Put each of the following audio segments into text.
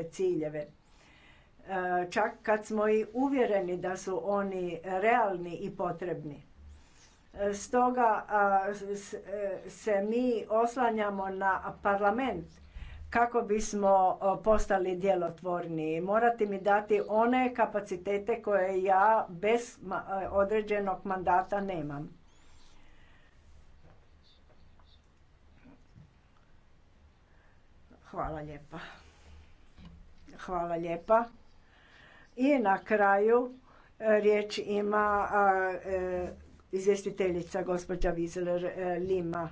ciljeve. E, čak kad smo i uvjereni da su oni realni i potrebni. E, stoga e, se mi oslanjamo na parlament kako bismo postali djelotvorniji. Morate mi dati one kapacitete koje ja bez određenog mandata nemam. Hvala lijepa. Hvala lijepa. I na kraju e, riječ ima e, izvjestiteljica gospođa wiesler e, Lima.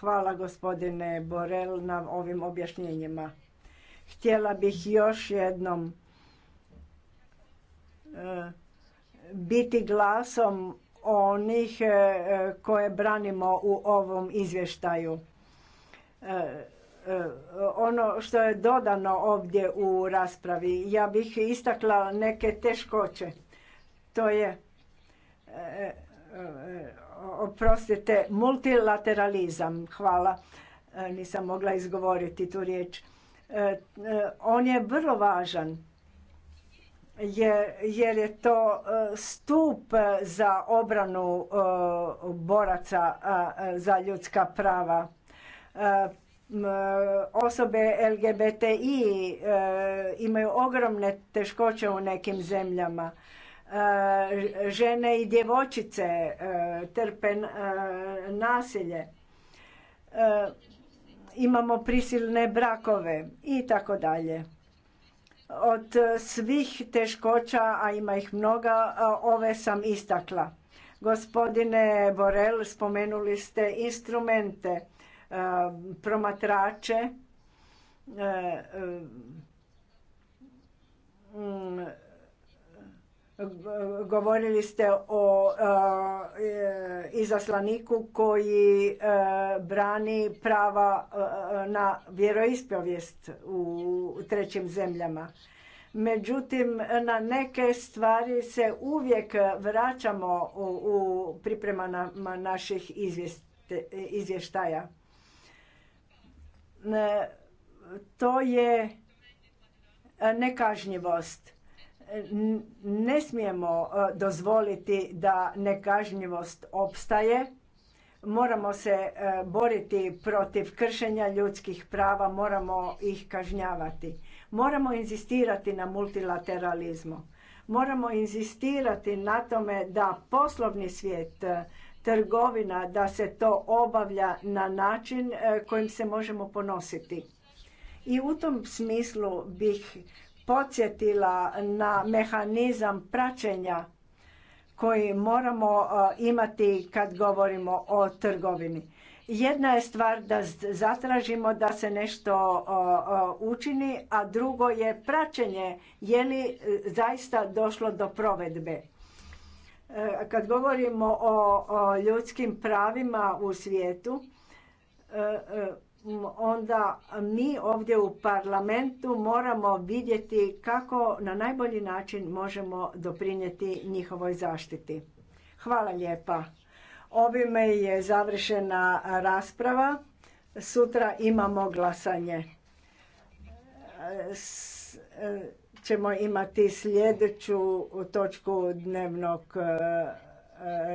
Hvala gospodine Borel na ovim objašnjenjima. Htjela bih još jednom biti glasom onih koje branimo u ovom izvještaju ono što je dodano ovdje u raspravi. Ja bih istakla neke teškoće. To je, eh, oprostite, multilateralizam. Hvala, eh, nisam mogla izgovoriti tu riječ. Eh, on je vrlo važan jer je to stup za obranu boraca za ljudska prava E, osobe LGBTI e, imaju ogromne teškoće u nekim zemljama. E, žene i djevojčice trpe nasilje. Imamo prisilne brakove i tako dalje. Od svih teškoća, a ima ih mnoga, ove sam istakla. Gospodine Borel, spomenuli ste instrumente Eh, promatrače eh, eh, mm, govorili ste o izaslaniku koji brani prava na vjeroispovijest u trećim zemljama. Međutim, na neke stvari se uvijek vraćamo u pripremama naših izvještaja. E, to je e, nekažnjivost. E, ne smijemo dozvoliti da nekažnjivost opstaje. Moramo se boriti protiv kršenja ljudskih prava, moramo ih kažnjavati. Moramo inzistirati na multilateralizmu. Moramo inzistirati na tome da poslovni svijet trgovina da se to obavlja na način e, kojim se možemo ponositi. I u tom smislu bih podsjetila na mehanizam praćenja koji moramo e, imati kad govorimo o trgovini. Jedna je stvar da zatražimo da se nešto e, učini, a drugo je praćenje je li zaista došlo do provedbe E, kad govorimo o, ljudskim pravima u svijetu, e, e, onda mi ovdje u parlamentu moramo vidjeti kako na najbolji način možemo doprinijeti njihovoj zaštiti. Hvala lijepa. Ovime je završena rasprava. Sutra imamo glasanje ćemo imati sljedeću točku dnevnog e,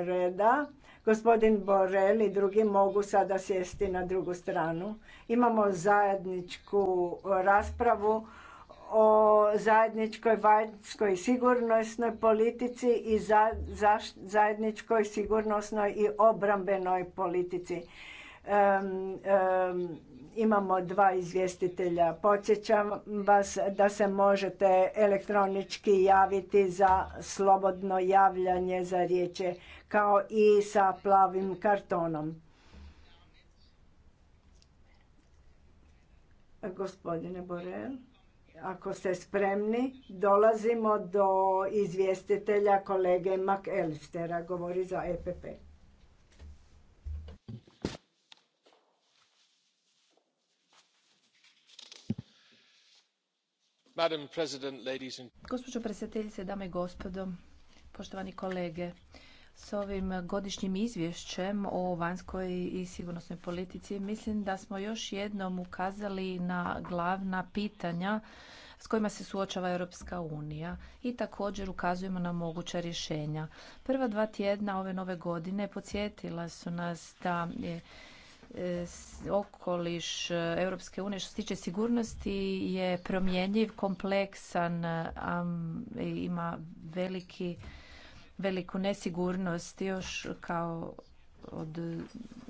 reda. Gospodin Borel i drugi mogu sada sjesti na drugu stranu. Imamo zajedničku raspravu o zajedničkoj vanjskoj sigurnosnoj politici i za, zajedničkoj sigurnosnoj i obrambenoj politici. Imamo dva izvjestitelja. Podsjećam vas da se možete elektronički javiti za slobodno javljanje za riječe kao i sa plavim kartonom. Gospodine Borel, ako ste spremni, dolazimo do izvjestitelja kolege Mak govori za EPP. Gospođo predsjednice, dame i gospodo, poštovani kolege, s ovim godišnjim izvješćem o vanjskoj i sigurnosnoj politici mislim da smo još jednom ukazali na glavna pitanja s kojima se suočava Europska unija i također ukazujemo na moguća rješenja. Prva dva tjedna ove nove godine podsjetila su nas da je E, okoliš e, Europske unije što se tiče sigurnosti je promjenjiv, kompleksan, e, ima veliki, veliku nesigurnost još kao od,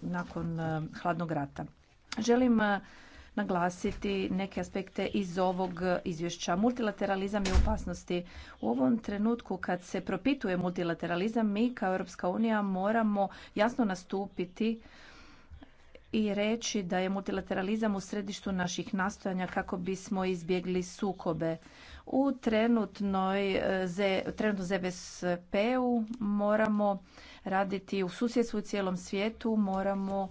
nakon hladnog rata. Želim naglasiti neke aspekte iz ovog izvješća. Multilateralizam je u opasnosti. U ovom trenutku kad se propituje multilateralizam, mi kao Europska unija moramo jasno nastupiti i reći da je multilateralizam u središtu naših nastojanja kako bismo izbjegli sukobe. U trenutnoj, e, trenutno ZVSP-u moramo raditi u susjedstvu u cijelom svijetu, moramo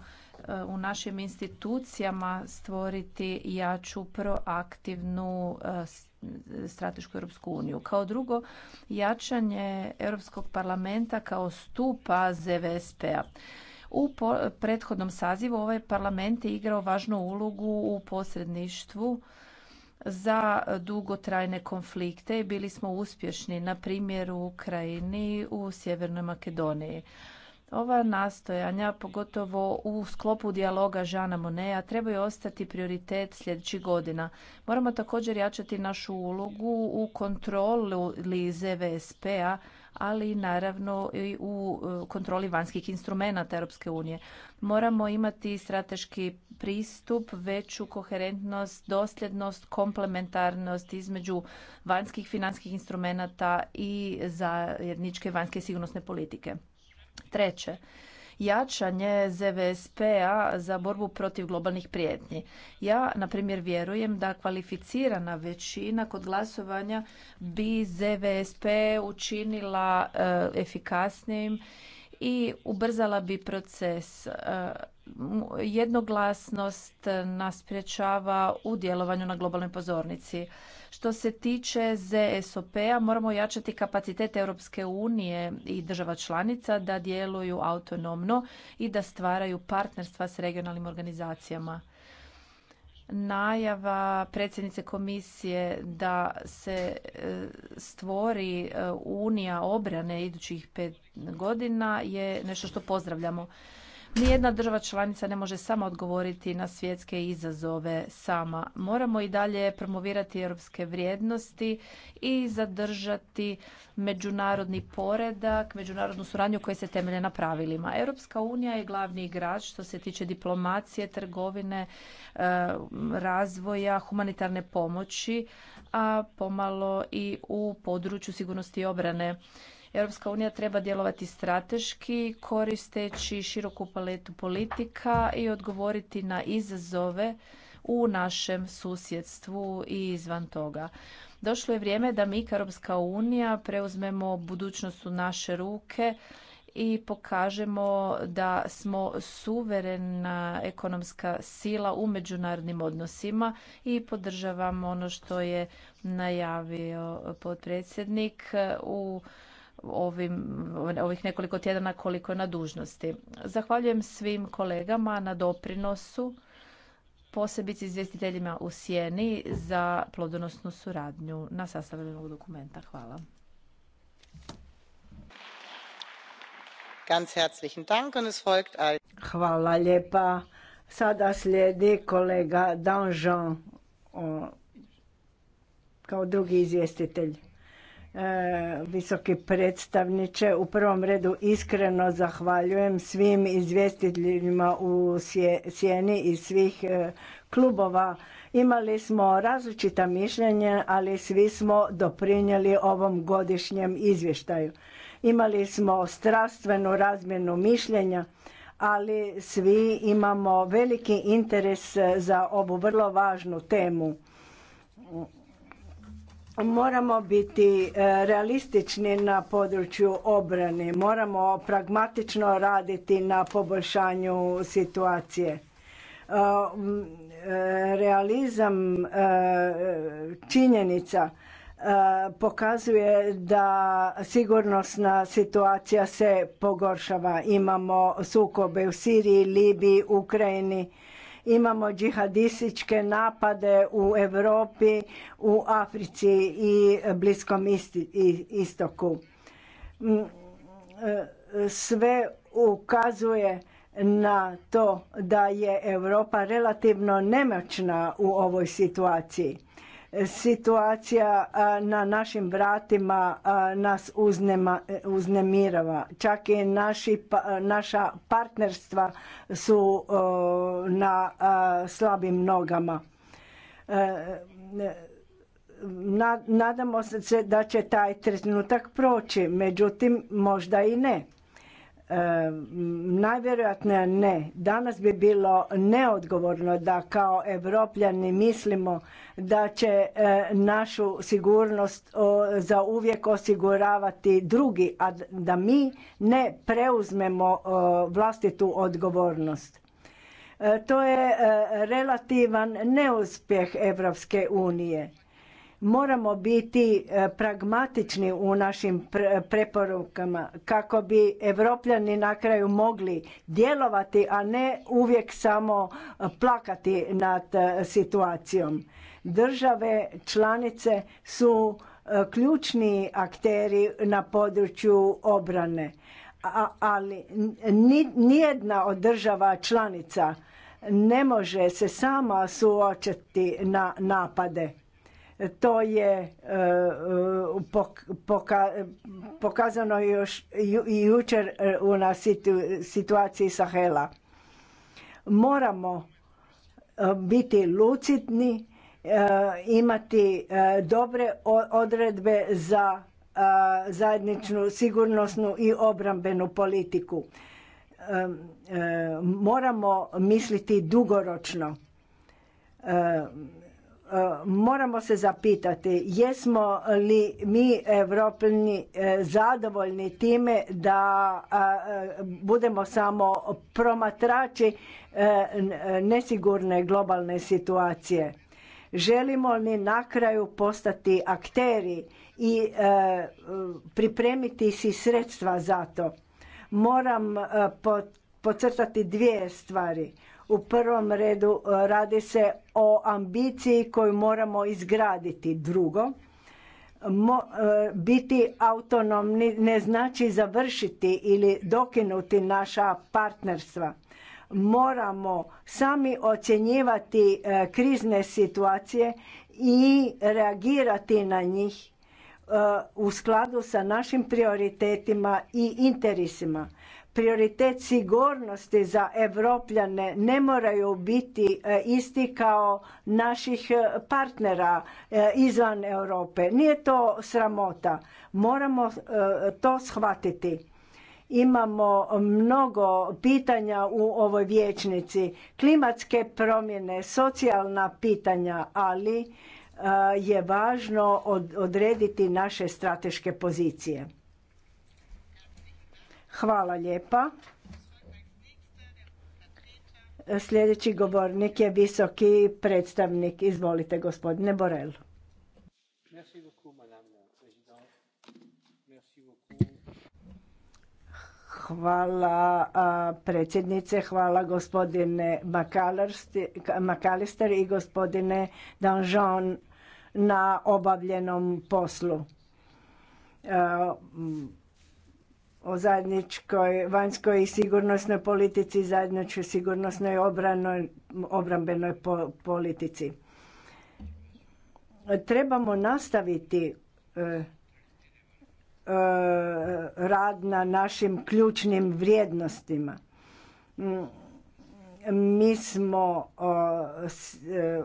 e, u našim institucijama stvoriti jaču proaktivnu e, stratešku Europsku uniju. Kao drugo, jačanje Europskog parlamenta kao stupa ZVSP-a. U prethodnom sazivu ovaj parlament je igrao važnu ulogu u posredništvu za dugotrajne konflikte i bili smo uspješni, na primjer u Ukrajini, u Sjevernoj Makedoniji. Ova nastojanja, pogotovo u sklopu dijaloga Žana Moneja, trebaju ostati prioritet sljedećih godina. Moramo također jačati našu ulogu u kontroli ZVSP-a ali naravno i u e, kontroli vanjskih instrumenata Europske unije. Moramo imati strateški pristup, veću koherentnost, dosljednost, komplementarnost između vanjskih financijskih instrumenata i zajedničke vanjske sigurnosne politike. Treće, jačanje ZVSP-a za borbu protiv globalnih prijetnji. Ja, na primjer, vjerujem da kvalificirana većina kod glasovanja bi ZVSP učinila e, efikasnijim i ubrzala bi proces. E, jednoglasnost nas priječava u djelovanju na globalnoj pozornici. Što se tiče ZSOP-a, moramo jačati kapacitet Europske unije i država članica da djeluju autonomno i da stvaraju partnerstva s regionalnim organizacijama najava predsjednice komisije da se e, stvori e, unija obrane idućih pet godina je nešto što pozdravljamo. Nijedna država članica ne može sama odgovoriti na svjetske izazove sama. Moramo i dalje promovirati europske vrijednosti i zadržati međunarodni poredak, međunarodnu suradnju koja se temelje na pravilima. Europska unija je glavni igrač što se tiče diplomacije, trgovine, e, razvoja, humanitarne pomoći, a pomalo i u području sigurnosti i obrane. Europska unija treba djelovati strateški koristeći široku paletu politika i odgovoriti na izazove u našem susjedstvu i izvan toga. Došlo je vrijeme da mi, Europska unija, preuzmemo budućnost u naše ruke i pokažemo da smo suverena ekonomska sila u međunarodnim odnosima i podržavamo ono što je najavio potpredsjednik u ovim, ovih nekoliko tjedana koliko je na dužnosti. Zahvaljujem svim kolegama na doprinosu, posebice izvjestiteljima u Sjeni za plodonosnu suradnju na sastavljanju ovog dokumenta. Hvala. Hvala lijepa. Sada slijedi kolega Danjean kao drugi izvjestitelj. E, visoki predstavniče. U prvom redu iskreno zahvaljujem svim izvjestiteljima u sjeni i svih e, klubova. Imali smo različita mišljenja, ali svi smo doprinijeli ovom godišnjem izvještaju. Imali smo strastvenu razmjenu mišljenja, ali svi imamo veliki interes za ovu vrlo važnu temu Moramo biti e, realistični na području obrane, moramo pragmatično raditi na poboljšanju situacije. E, e, realizam činjenica pokazuje da sigurnosna situacija se pogoršava. Imamo sukobe u Siriji, Libiji, Ukrajini Imamo džihadističke napade u Europi, u Africi i Bliskom istoku. Mm, e, sve ukazuje na to da je Europa relativno nemoćna u ovoj situaciji situacija na našim vratima nas uznema, e, uznemirava. Čak i naši, pa, e, naša partnerstva su na slabim nogama. E, nadamo se da će taj trenutak proći, međutim možda i ne najvjerojatnije ne. Danas bi bilo neodgovorno da kao evropljani mislimo da će e, našu sigurnost za uvijek osiguravati drugi, a da mi ne preuzmemo vlastitu odgovornost. E, to je e, relativan neuspjeh Evropske unije Moramo biti e, pragmatični u našim preporukama kako bi evropljani na kraju mogli djelovati, a ne uvijek samo e, plakati nad e, situacijom. Države članice su ključni akteri na području obrane, ali nijedna od država članica ne može se sama suočiti na napade. To je e, e, pokazano još i jučer e, u na situaciji Sahela. Moramo biti lucidni, imati dobre odredbe za zajedničnu sigurnosnu i obrambenu politiku. Moramo misliti dugoročno moramo se zapitati jesmo li mi Evropljani e, zadovoljni time da budemo samo promatrači e, nesigurne globalne situacije. Želimo li na kraju postati akteri i e, pripremiti si sredstva za to. Moram podcrtati dvije stvari. U prvom redu e, radi se o ambiciji koju moramo izgraditi. Drugo, e, biti autonomni ne znači završiti ili dokinuti naša partnerstva. Moramo sami ocjenjivati e, krizne situacije i reagirati na njih u skladu sa našim prioritetima i interesima prioritet sigurnosti za Evropljane ne moraju biti e, isti kao naših e, partnera e, izvan Europe. Nije to sramota. Moramo to shvatiti. Imamo mnogo pitanja u ovoj vječnici. Klimatske promjene, socijalna pitanja, ali je važno odrediti naše strateške pozicije. Hvala lijepa. Sljedeći govornik je visoki predstavnik. Izvolite, gospodine Borel. Hvala predsjednice, hvala gospodine McAllister i gospodine Danjean na obavljenom poslu o zajedničkoj vanjskoj i sigurnosnoj politici zajedničkoj sigurnosnoj obranoj, obrambenoj politici. Trebamo nastaviti e, e, rad na našim ključnim vrijednostima. Mi smo e,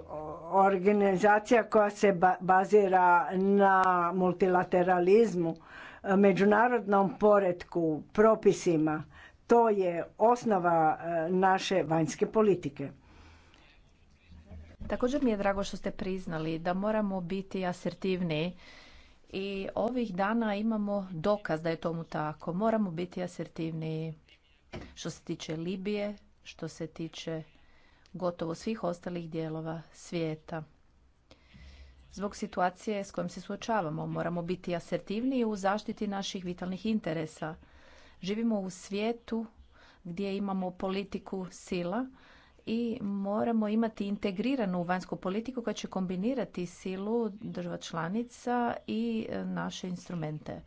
organizacija koja se bazira na multilateralizmu međunarodnom poretku, propisima, to je osnova e, naše vanjske politike. Također mi je drago što ste priznali da moramo biti asertivni i ovih dana imamo dokaz da je tomu tako. Moramo biti asertivni što se tiče Libije, što se tiče gotovo svih ostalih dijelova svijeta zbog situacije s kojom se suočavamo. Moramo biti asertivniji u zaštiti naših vitalnih interesa. Živimo u svijetu gdje imamo politiku sila i moramo imati integriranu vanjsku politiku koja će kombinirati silu država članica i e, naše instrumente.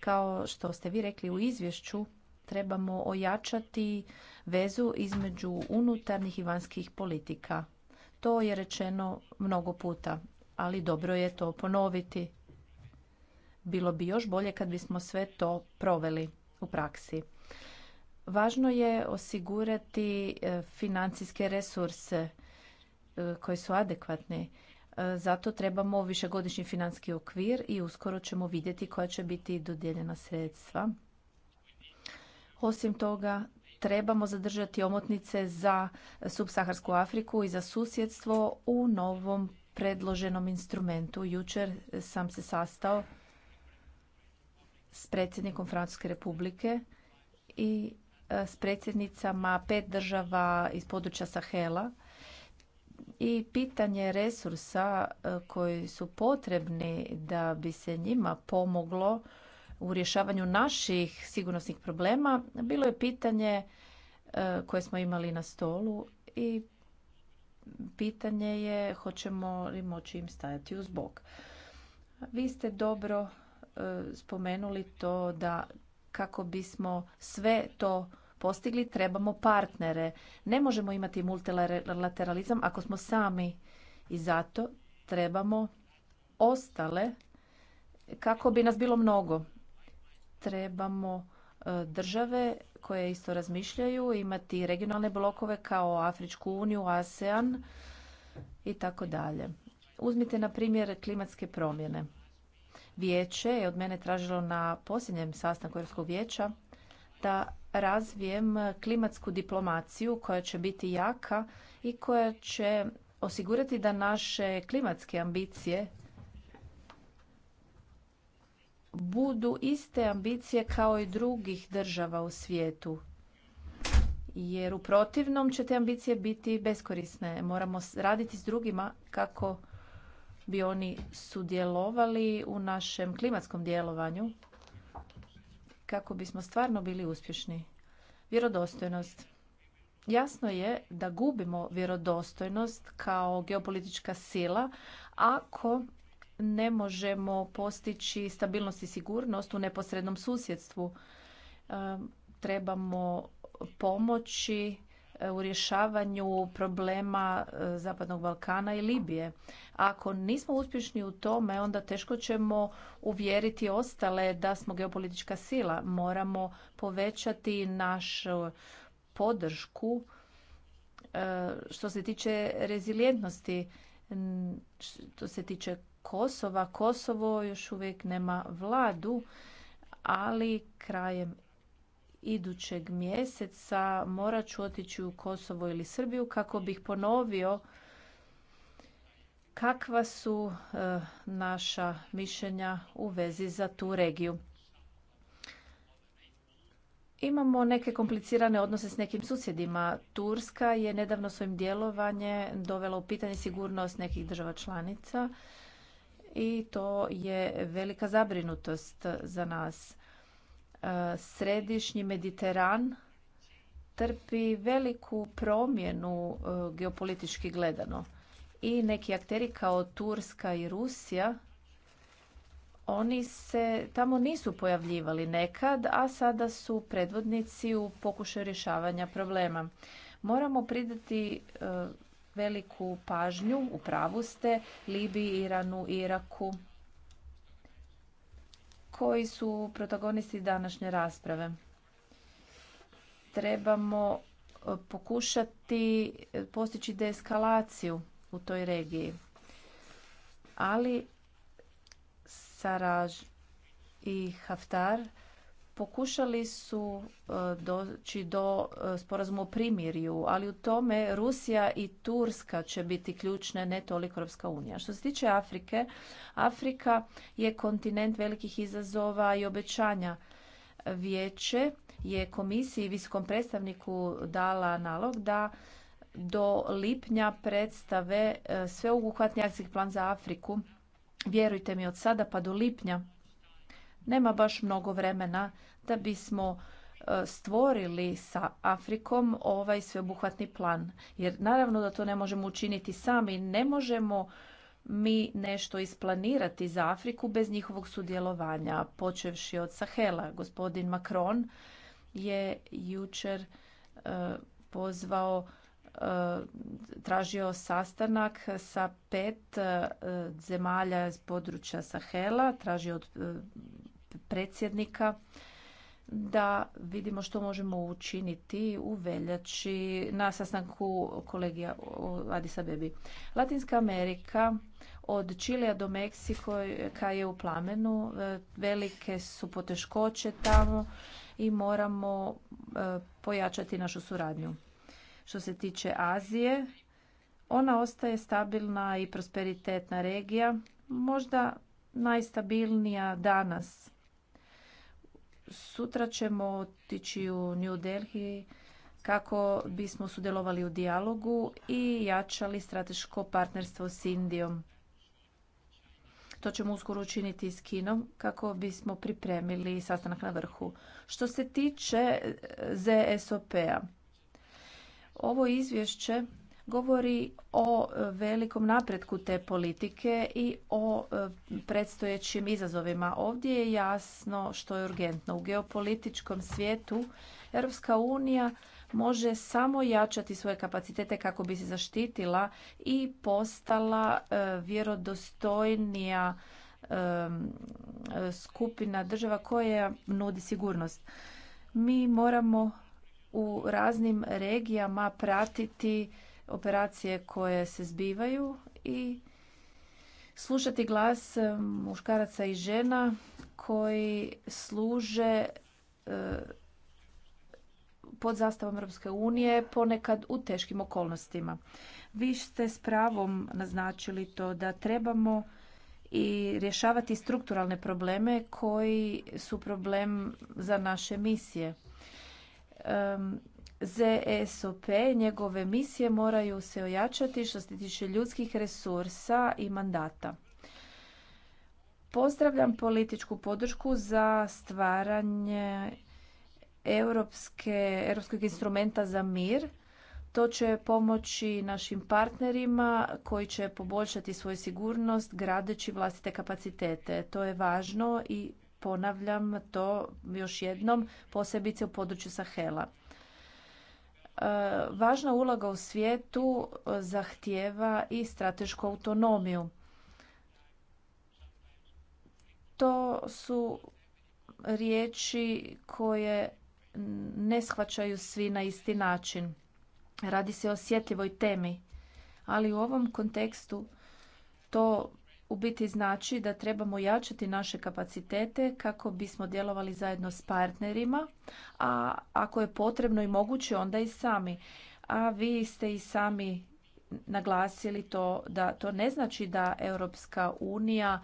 Kao što ste vi rekli u izvješću, trebamo ojačati vezu između unutarnjih i vanjskih politika. To je rečeno mnogo puta ali dobro je to ponoviti. Bilo bi još bolje kad bismo sve to proveli u praksi. Važno je osigurati e, financijske resurse e, koji su adekvatni. E, zato trebamo višegodišnji financijski okvir i uskoro ćemo vidjeti koja će biti dodijeljena sredstva. Osim toga, trebamo zadržati omotnice za subsaharsku Afriku i za susjedstvo u novom predloženom instrumentu. Jučer sam se sastao s predsjednikom Francuske republike i e, s predsjednicama pet država iz područja Sahela i pitanje resursa e, koji su potrebni da bi se njima pomoglo u rješavanju naših sigurnosnih problema bilo je pitanje e, koje smo imali na stolu i pitanje je hoćemo li moći im stajati uz bok. Vi ste dobro e, spomenuli to da kako bismo sve to postigli trebamo partnere. Ne možemo imati multilateralizam ako smo sami i zato trebamo ostale kako bi nas bilo mnogo. Trebamo e, države koje isto razmišljaju, imati regionalne blokove kao Afričku uniju, ASEAN i tako dalje. Uzmite na primjer klimatske promjene. Vijeće je od mene tražilo na posljednjem sastanku Europskog vijeća da razvijem klimatsku diplomaciju koja će biti jaka i koja će osigurati da naše klimatske ambicije budu iste ambicije kao i drugih država u svijetu. Jer u protivnom će te ambicije biti beskorisne. Moramo raditi s drugima kako bi oni sudjelovali u našem klimatskom djelovanju kako bismo stvarno bili uspješni. Vjerodostojnost. Jasno je da gubimo vjerodostojnost kao geopolitička sila ako ne možemo postići stabilnost i sigurnost u neposrednom susjedstvu. E, trebamo pomoći e, u rješavanju problema e, Zapadnog Balkana i Libije. Ako nismo uspješni u tome, onda teško ćemo uvjeriti ostale da smo geopolitička sila. Moramo povećati našu podršku što se tiče rezilijentnosti, što se tiče Kosova. Kosovo još uvijek nema vladu, ali krajem idućeg mjeseca morat ću otići u Kosovo ili Srbiju kako bih ponovio kakva su e, naša mišljenja u vezi za tu regiju. Imamo neke komplicirane odnose s nekim susjedima. Turska je nedavno svojim djelovanjem dovela u pitanje sigurnost nekih država članica i to je velika zabrinutost za nas. E, središnji Mediteran trpi veliku promjenu e, geopolitički gledano i neki akteri kao Turska i Rusija oni se tamo nisu pojavljivali nekad, a sada su predvodnici u pokušaju rješavanja problema. Moramo pridati e, veliku pažnju, u pravu ste, Libiji, Iranu, Iraku, koji su protagonisti današnje rasprave. Trebamo e, pokušati e, postići deeskalaciju u toj regiji. Ali Saraž i Haftar pokušali su e, doći do e, sporazuma o primirju, ali u tome Rusija i Turska će biti ključne, ne toliko Europska unija. Što se tiče Afrike, Afrika je kontinent velikih izazova i obećanja. Vijeće je komisiji i visokom predstavniku dala nalog da do lipnja predstave e, sveobuhvatni akcijski plan za Afriku. Vjerujte mi, od sada pa do lipnja nema baš mnogo vremena da bismo e, stvorili sa Afrikom ovaj sveobuhvatni plan. Jer naravno da to ne možemo učiniti sami, ne možemo mi nešto isplanirati za Afriku bez njihovog sudjelovanja, počevši od Sahela. Gospodin Macron je jučer e, pozvao e, tražio sastanak sa pet zemalja iz područja Sahela, tražio od predsjednika da vidimo što možemo učiniti u veljači na sastanku kolegija Adisa Bebi. Latinska Amerika od Čilija do Meksika je u plamenu, velike su poteškoće tamo i moramo e, pojačati našu suradnju. Što se tiče Azije, ona ostaje stabilna i prosperitetna regija, možda najstabilnija danas Sutra ćemo otići u New Delhi kako bismo sudjelovali u dijalogu i jačali strateško partnerstvo s Indijom. To ćemo uskoro učiniti s Kinom kako bismo pripremili sastanak na vrhu. Što se tiče ZSOP-a, ovo izvješće govori o e, velikom napretku te politike i o e, predstojećim izazovima. Ovdje je jasno što je urgentno. U geopolitičkom svijetu Europska unija može samo jačati svoje kapacitete kako bi se zaštitila i postala e, vjerodostojnija skupina država koja nudi sigurnost. Mi moramo u raznim regijama pratiti operacije koje se zbivaju i slušati glas e, muškaraca i žena koji služe e, pod zastavom Europske unije ponekad u teškim okolnostima. Vi ste s pravom naznačili to da trebamo i rješavati strukturalne probleme koji su problem za naše misije. ZSOP, e njegove misije moraju se ojačati što se tiče ljudskih resursa i mandata. Pozdravljam političku podršku za stvaranje europskog instrumenta za mir. To će pomoći našim partnerima koji će poboljšati svoju sigurnost gradeći vlastite kapacitete. To je važno i ponavljam to još jednom, posebice u području Sahela. E, važna uloga u svijetu e, zahtijeva i stratešku autonomiju. To su riječi koje ne shvaćaju svi na isti način. Radi se o osjetljivoj temi, ali u ovom kontekstu to u biti znači da trebamo jačati naše kapacitete kako bismo djelovali zajedno s partnerima, a ako je potrebno i moguće onda i sami. A vi ste i sami naglasili to da to ne znači da Europska unija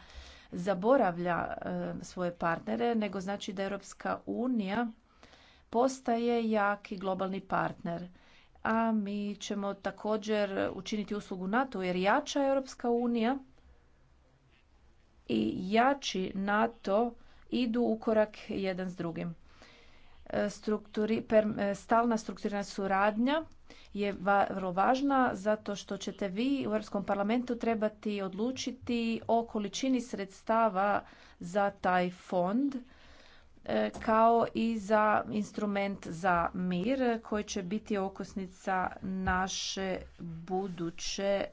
zaboravlja e, svoje partnere, nego znači da Europska unija postaje jaki globalni partner a mi ćemo također učiniti uslugu NATO jer jača Europska unija i jači NATO idu u korak jedan s drugim. E, strukturi, e, stalna strukturirana suradnja je vrlo važna zato što ćete vi u Europskom parlamentu trebati odlučiti o količini sredstava za taj fond e, kao i za instrument za mir koji će biti okosnica naše buduće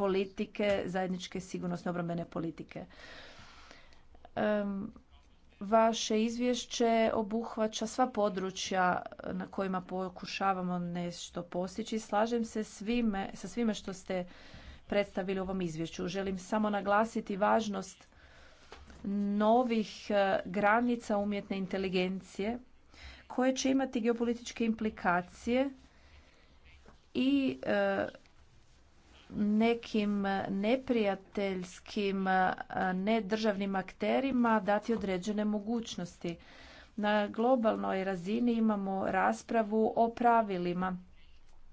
politike, zajedničke sigurnosne obrambene politike. Vaše izvješće obuhvaća sva područja na kojima pokušavamo nešto postići. Slažem se svime, sa svime što ste predstavili u ovom izvješću. Želim samo naglasiti važnost novih e, granica umjetne inteligencije koje će imati geopolitičke implikacije i e, nekim neprijateljskim nedržavnim akterima dati određene mogućnosti. Na globalnoj razini imamo raspravu o pravilima,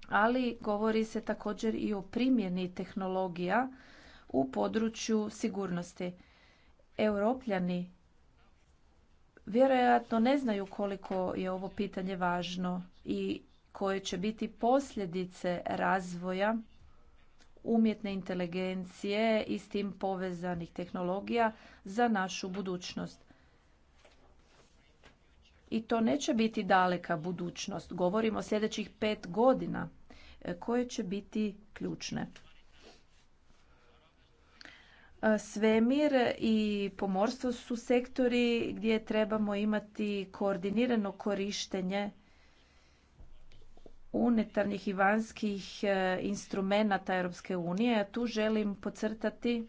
ali govori se također i o primjeni tehnologija u području sigurnosti. Europljani vjerojatno ne znaju koliko je ovo pitanje važno i koje će biti posljedice razvoja umjetne inteligencije i s tim povezanih tehnologija za našu budućnost. I to neće biti daleka budućnost. Govorimo o sljedećih pet godina e, koje će biti ključne. E, svemir i pomorstvo su sektori gdje trebamo imati koordinirano korištenje unutarnjih i vanjskih e, instrumenata Europske unije. Tu želim pocrtati,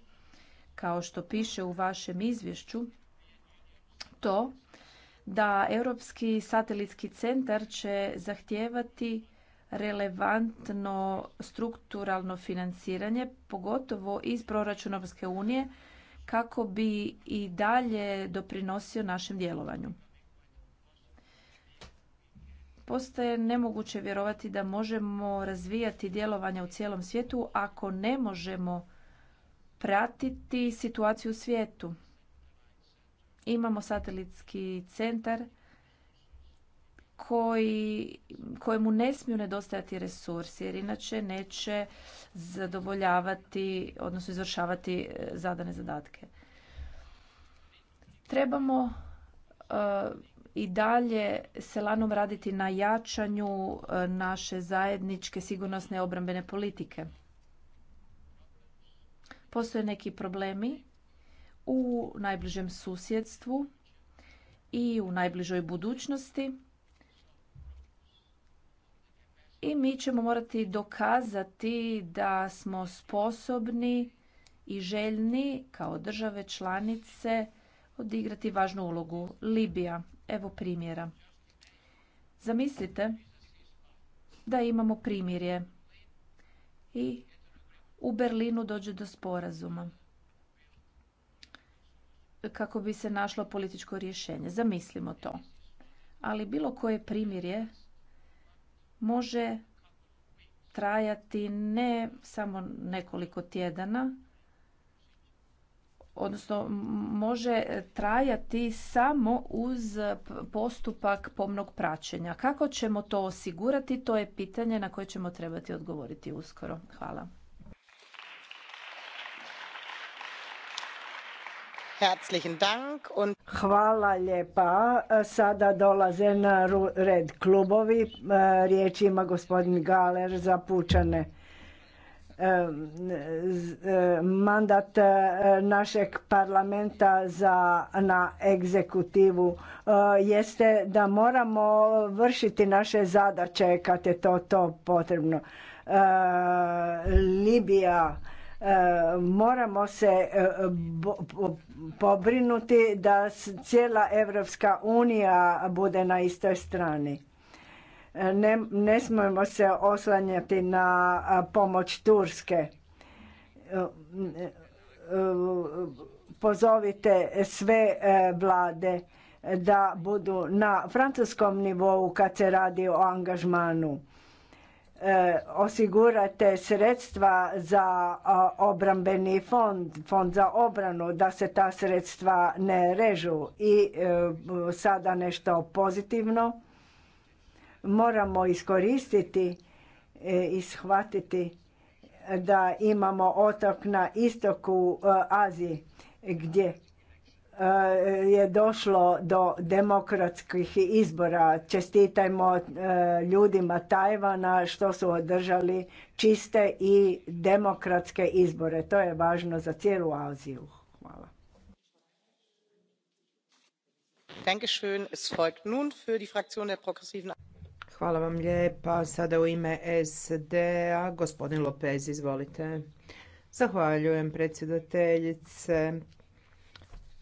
kao što piše u vašem izvješću, to da Europski satelitski centar će zahtijevati relevantno strukturalno financiranje, pogotovo iz proračuna Europske unije, kako bi i dalje doprinosio našem djelovanju. Postaje nemoguće vjerovati da možemo razvijati djelovanja u cijelom svijetu ako ne možemo pratiti situaciju u svijetu. Imamo satelitski centar koji, kojemu ne smiju nedostajati resursi jer inače neće zadovoljavati, odnosno izvršavati e, zadane zadatke. Trebamo e, i dalje se lanom raditi na jačanju e, naše zajedničke sigurnosne obrambene politike. Postoje neki problemi u najbližem susjedstvu i u najbližoj budućnosti. I mi ćemo morati dokazati da smo sposobni i željni kao države članice odigrati važnu ulogu. Libija Evo primjera. Zamislite da imamo primirje i u Berlinu dođe do sporazuma kako bi se našlo političko rješenje. Zamislimo to. Ali bilo koje primjerje može trajati ne samo nekoliko tjedana, odnosno može trajati samo uz postupak pomnog praćenja. Kako ćemo to osigurati, to je pitanje na koje ćemo trebati odgovoriti uskoro. Hvala. Hvala lijepa. Sada dolaze na red klubovi. E, riječ ima gospodin Galer za pučane mandat e, našeg parlamenta za, na egzekutivu e, jeste da moramo vršiti naše zadaće kad je to, to potrebno. E, Libija, moramo se pobrinuti da cijela Evropska unija bude na istoj strani. Ne, ne smijemo se oslanjati na pomoć Turske. E, e, pozovite sve e, vlade da budu na francuskom nivou kad se radi o angažmanu. Osigurate sredstva za obrambeni fond, fond za obranu, da se ta sredstva ne režu. I sada nešto pozitivno moramo iskoristiti e, i shvatiti da imamo otok na istoku e, Aziji gdje e, je došlo do demokratskih izbora. Čestitajmo ljudima Tajvana što su održali čiste i demokratske izbore. To je važno za cijelu Aziju. Hvala. Hvala vam lijepa. Sada u ime SD-a gospodin Lopez, izvolite. Zahvaljujem predsjedateljice.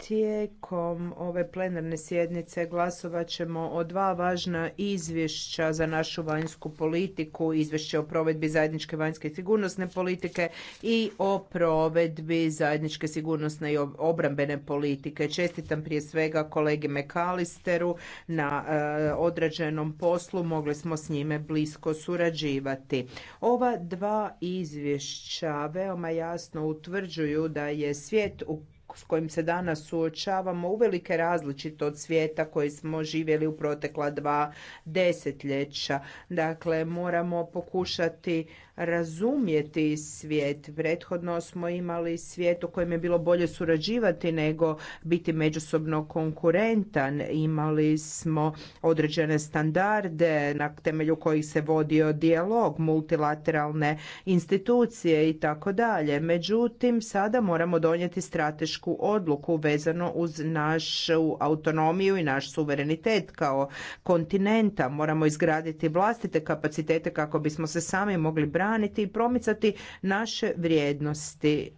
Tijekom ove plenarne sjednice glasovat ćemo o dva važna izvješća za našu vanjsku politiku, izvješće o provedbi zajedničke vanjske i sigurnosne politike i o provedbi zajedničke sigurnosne i obrambene politike. Čestitam prije svega kolegi Mekalisteru na eh, odrađenom poslu, mogli smo s njime blisko surađivati. Ova dva izvješća veoma jasno utvrđuju da je svijet u s kojim se danas suočavamo uvelike različito od svijeta koji smo živjeli u protekla dva desetljeća. Dakle, moramo pokušati razumjeti svijet. Prethodno smo imali svijet u kojem je bilo bolje surađivati nego biti međusobno konkurentan. Imali smo određene standarde na temelju kojih se vodio dijalog, multilateralne institucije i tako dalje. Međutim, sada moramo donijeti stratešku odluku vezano uz našu autonomiju i naš suverenitet kao kontinenta. Moramo izgraditi vlastite kapacitete kako bismo se sami mogli braniti braniti i promicati naše vrijednosti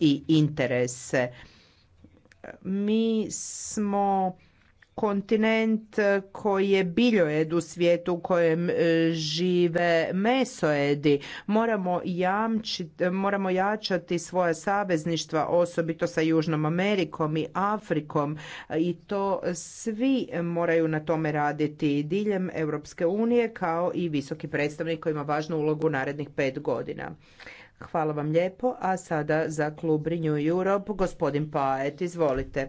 i interese. Mi smo kontinent koji je biljoed u svijetu u kojem e, žive mesoedi. Moramo, jamčiti, moramo jačati svoje savezništva, osobito sa Južnom Amerikom i Afrikom e, i to svi moraju na tome raditi diljem Europske unije kao i visoki predstavnik koji ima važnu ulogu u narednih pet godina. Hvala vam lijepo, a sada za klub Renew Europe gospodin Paet, izvolite.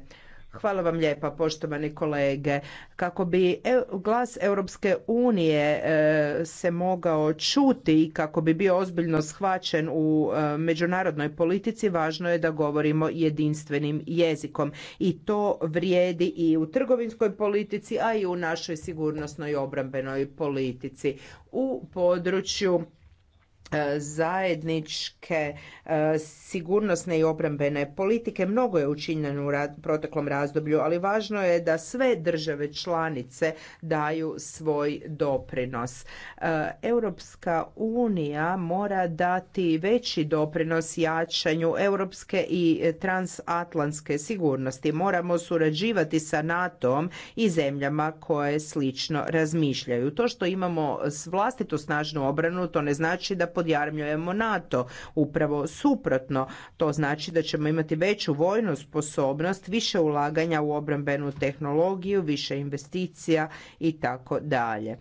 Hvala vam lijepa, poštovani kolege. Kako bi e, glas Europske unije e, se mogao čuti i kako bi bio ozbiljno shvaćen u e, međunarodnoj politici, važno je da govorimo jedinstvenim jezikom. I to vrijedi i u trgovinskoj politici, a i u našoj sigurnosnoj i obrambenoj politici. U području E, zajedničke e, sigurnosne i obrambene politike. Mnogo je učinjeno u proteklom razdoblju, ali važno je da sve države članice daju svoj doprinos. E, Europska unija mora dati veći doprinos jačanju europske i transatlantske sigurnosti. Moramo surađivati sa NATO-om i zemljama koje slično razmišljaju. To što imamo vlastitu snažnu obranu, to ne znači da podjarmljujemo NATO. Upravo suprotno, to znači da ćemo imati veću vojnu sposobnost, više ulaganja u obrambenu tehnologiju, više investicija i tako dalje.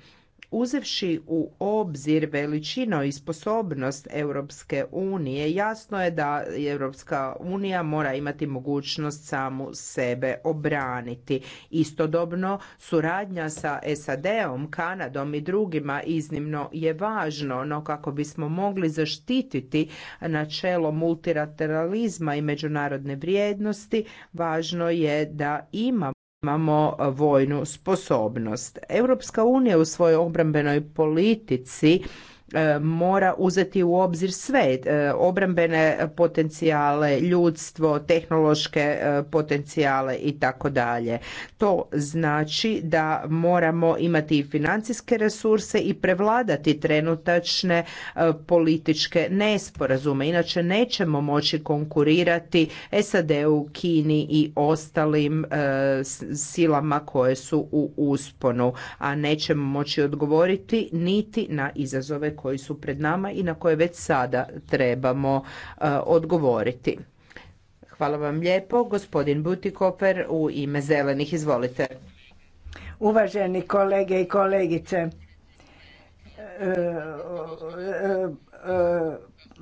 Uzevši u obzir veličinu i sposobnost Europske unije, jasno je da Europska unija mora imati mogućnost samu sebe obraniti. Istodobno, suradnja sa SAD-om, Kanadom i drugima iznimno je važno, no kako bismo mogli zaštititi načelo multilateralizma i međunarodne vrijednosti, važno je da imamo imamo e, vojnu sposobnost. Europska unija u svojoj obrambenoj politici E, mora uzeti u obzir sve e, obrambene potencijale, ljudstvo, tehnološke e, potencijale i tako dalje. To znači da moramo imati i financijske resurse i prevladati trenutačne političke nesporazume. Inače nećemo moći konkurirati SAD-u, Kini i ostalim silama koje su u usponu, a nećemo moći odgovoriti niti na izazove koji su pred nama i na koje već sada trebamo e, odgovoriti. Hvala vam lijepo. Gospodin Butikoper u ime zelenih. Izvolite. Uvaženi kolege i kolegice, e, e,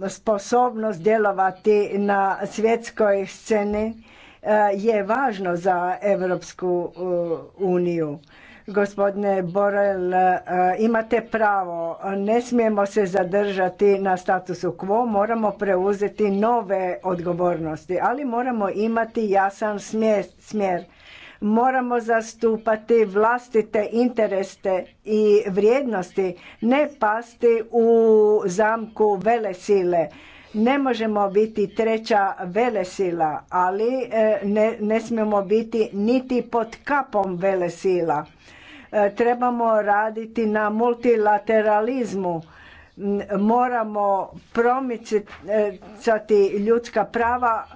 sposobnost djelovati na svjetskoj sceni je važno za Europsku uniju Gospodine Borel, e, imate pravo, ne smijemo se zadržati na statusu quo, moramo preuzeti nove odgovornosti, ali moramo imati jasan smjer. Moramo zastupati vlastite interese i vrijednosti, ne pasti u zamku velesile. Ne možemo biti treća velesila, ali e, ne, ne smijemo biti niti pod kapom velesila E, trebamo raditi na multilateralizmu moramo promicati ljudska prava, e,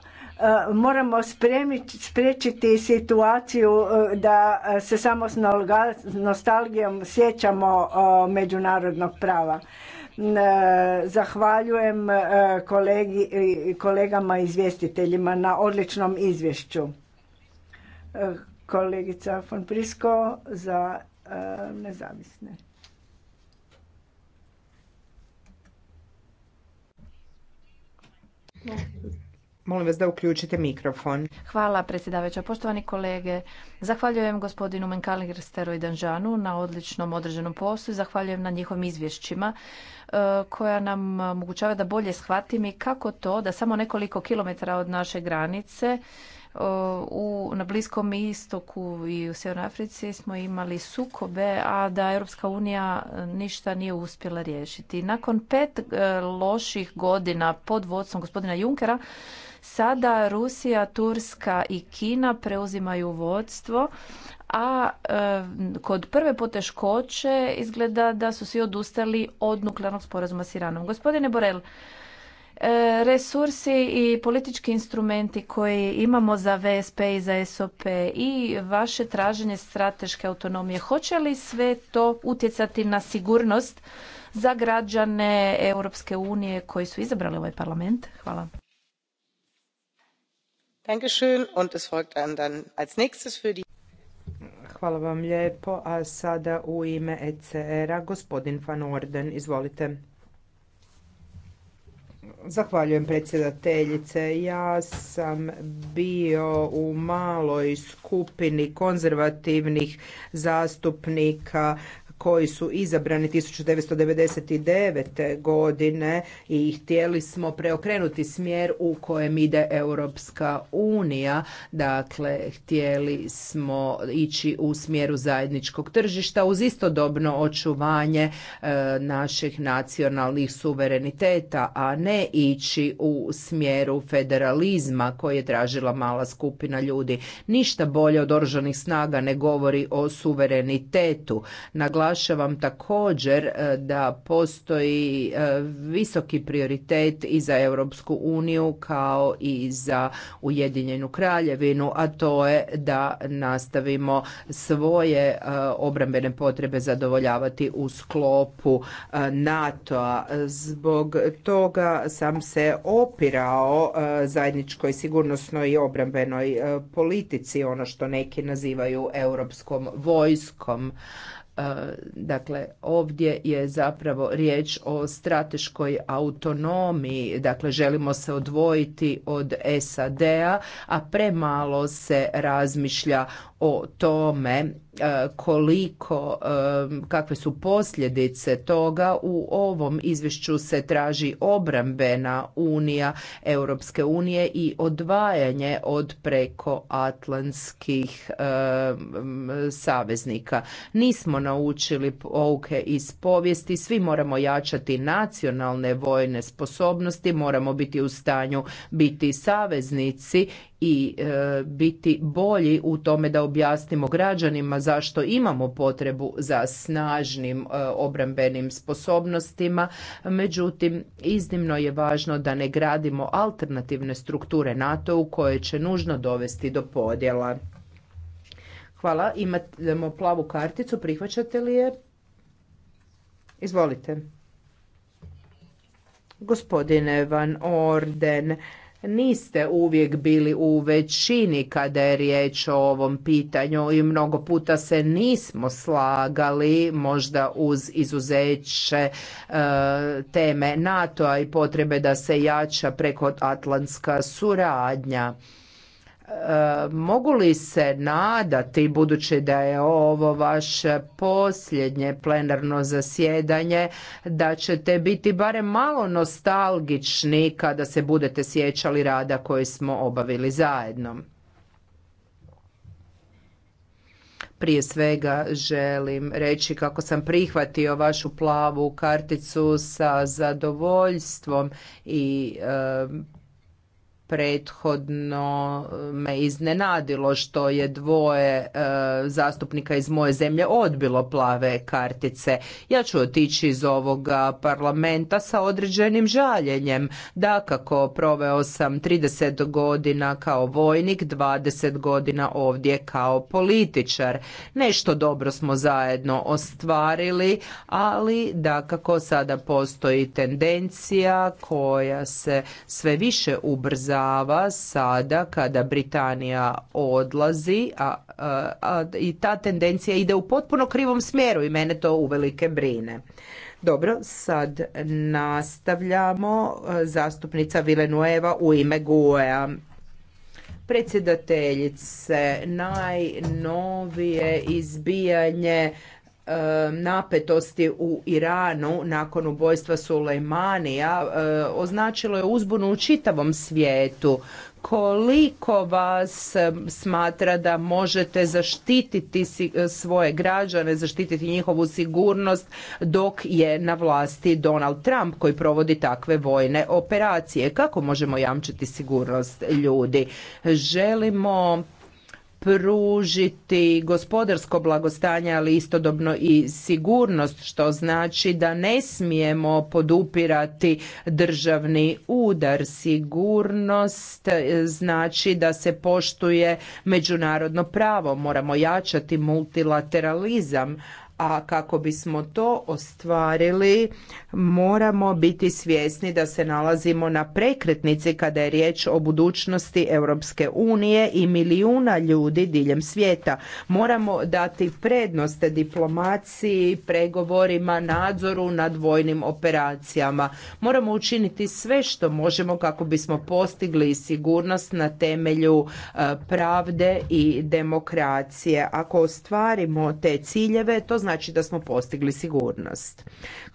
moramo spriječiti situaciju e, da se samo s nostalgijom sjećamo međunarodnog prava. Zahvaljujem kolegi, kolegama izvjestiteljima na odličnom izvješću kolegica von Prisko za e, nezavisne. Molim vas da uključite mikrofon. Hvala predsjedavajuća. Poštovani kolege, zahvaljujem gospodinu Menkaligrsteru i Danžanu na odličnom određenom poslu i zahvaljujem na njihovim izvješćima e, koja nam omogućava da bolje shvatimo kako to da samo nekoliko kilometara od naše granice u, na Bliskom istoku i u Sjevernoj Africi smo imali sukobe, a da Europska unija ništa nije uspjela riješiti. Nakon pet e, loših godina pod vodstvom gospodina Junkera, sada Rusija, Turska i Kina preuzimaju vodstvo, a e, kod prve poteškoće izgleda da su svi odustali od nuklearnog sporazuma s Iranom. Gospodine Borel, E, resursi i politički instrumenti koji imamo za VSP i za SOP i vaše traženje strateške autonomije, hoće li sve to utjecati na sigurnost za građane Europske unije koji su izabrali ovaj parlament? Hvala. Hvala vam lijepo. A sada u ime ECR-a gospodin Van Orden. Izvolite. Zahvaljujem predsjedateljice. Ja sam bio u maloj skupini konzervativnih zastupnika koji su izabrani 1999. godine i htjeli smo preokrenuti smjer u kojem ide Europska unija. Dakle, htjeli smo ići u smjeru zajedničkog tržišta uz istodobno očuvanje e, naših nacionalnih suvereniteta, a ne ići u smjeru federalizma koji je tražila mala skupina ljudi. Ništa bolje od oružanih snaga ne govori o suverenitetu. Na naglašavam također e, da postoji e, visoki prioritet i za Europsku uniju kao i za Ujedinjenu kraljevinu, a to je da nastavimo svoje e, obrambene potrebe zadovoljavati u sklopu NATO-a. Zbog toga sam se opirao zajedničkoj sigurnosnoj i obrambenoj politici, ono što neki nazivaju europskom vojskom. Dakle, ovdje je zapravo riječ o strateškoj autonomiji, dakle želimo se odvojiti od SAD-a, a premalo se razmišlja o tome E, koliko, e, kakve su posljedice toga. U ovom izvješću se traži obrambena unija Europske unije i odvajanje od preko atlantskih e, saveznika. Nismo naučili pouke iz povijesti, svi moramo jačati nacionalne vojne sposobnosti, moramo biti u stanju biti saveznici i e, biti bolji u tome da objasnimo građanima zašto imamo potrebu za snažnim e, obrambenim sposobnostima. Međutim, iznimno je važno da ne gradimo alternativne strukture NATO u koje će nužno dovesti do podjela. Hvala. Imamo plavu karticu. Prihvaćate li je? Izvolite. Gospodine Van Orden, niste uvijek bili u većini kada je riječ o ovom pitanju i mnogo puta se nismo slagali možda uz izuzeće e, teme NATO-a i potrebe da se jača preko atlantska suradnja mogu li se nadati, budući da je ovo vaše posljednje plenarno zasjedanje, da ćete biti barem malo nostalgični kada se budete sjećali rada koji smo obavili zajedno? Prije svega želim reći kako sam prihvatio vašu plavu karticu sa zadovoljstvom i e, prethodno eh, me iznenadilo što je dvoje eh, zastupnika iz moje zemlje odbilo plave kartice. Ja ću otići iz ovoga parlamenta sa određenim žaljenjem. Dakako, proveo sam 30 godina kao vojnik, 20 godina ovdje kao političar. Nešto dobro smo zajedno ostvarili, ali dakako sada postoji tendencija koja se sve više ubrza sada kada Britanija odlazi a, i ta tendencija ide u potpuno krivom smjeru i mene to uvelike brine. Dobro, sad nastavljamo. E, zastupnica Vilenueva u ime guea predsjedateljice najnovije izbijanje Um, napetosti u Iranu nakon ubojstva Sulejmanija uh, označilo je uzbunu u čitavom svijetu. Koliko vas um, smatra da možete zaštititi uh, svoje građane, zaštititi njihovu sigurnost dok je na vlasti Donald Trump koji provodi takve vojne operacije? Kako možemo jamčiti sigurnost ljudi? Želimo pružiti gospodarsko blagostanje, ali istodobno i sigurnost, što znači da ne smijemo podupirati državni udar. Sigurnost e, znači da se poštuje međunarodno pravo, moramo jačati multilateralizam, a kako bismo to ostvarili moramo biti svjesni da se nalazimo na prekretnici kada je riječ o budućnosti Europske unije i milijuna ljudi diljem svijeta. Moramo dati prednost diplomaciji, pregovorima, nadzoru nad vojnim operacijama. Moramo učiniti sve što možemo kako bismo postigli sigurnost na temelju e, pravde i demokracije. Ako ostvarimo te ciljeve, to znači znači da smo postigli sigurnost.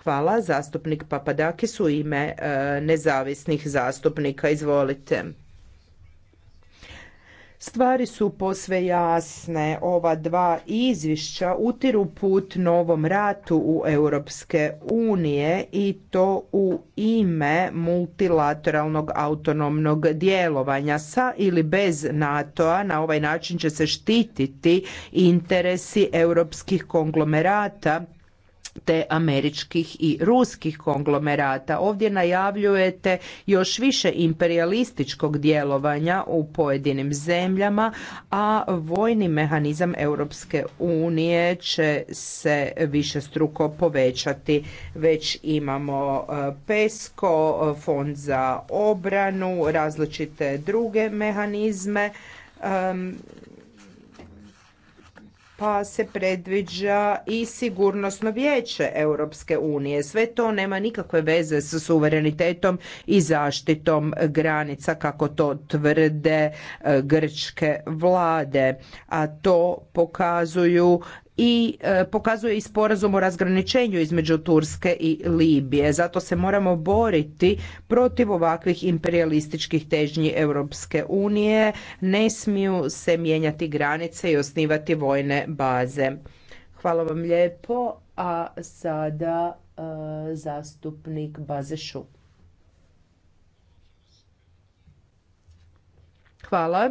Hvala, zastupnik Papadakis u ime e, nezavisnih zastupnika. Izvolite. Stvari su posve jasne. Ova dva izvišća utiru put novom ratu u Europske unije i to u ime multilateralnog autonomnog djelovanja. Sa ili bez NATO-a na ovaj način će se štititi interesi europskih konglomerata te američkih i ruskih konglomerata. Ovdje najavljujete još više imperialističkog djelovanja u pojedinim zemljama, a vojni mehanizam Europske unije će se više struko povećati. Već imamo e, PESCO, fond za obranu, različite druge mehanizme pa se predviđa i sigurnosno vijeće Europske unije. Sve to nema nikakve veze sa suverenitetom i zaštitom granica kako to tvrde e, grčke vlade, a to pokazuju i e, pokazuje i sporazum o razgraničenju između Turske i Libije. Zato se moramo boriti protiv ovakvih imperialističkih težnji Europske unije. Ne smiju se mijenjati granice i osnivati vojne baze. Hvala vam lijepo. A sada e, zastupnik Bazešu. Hvala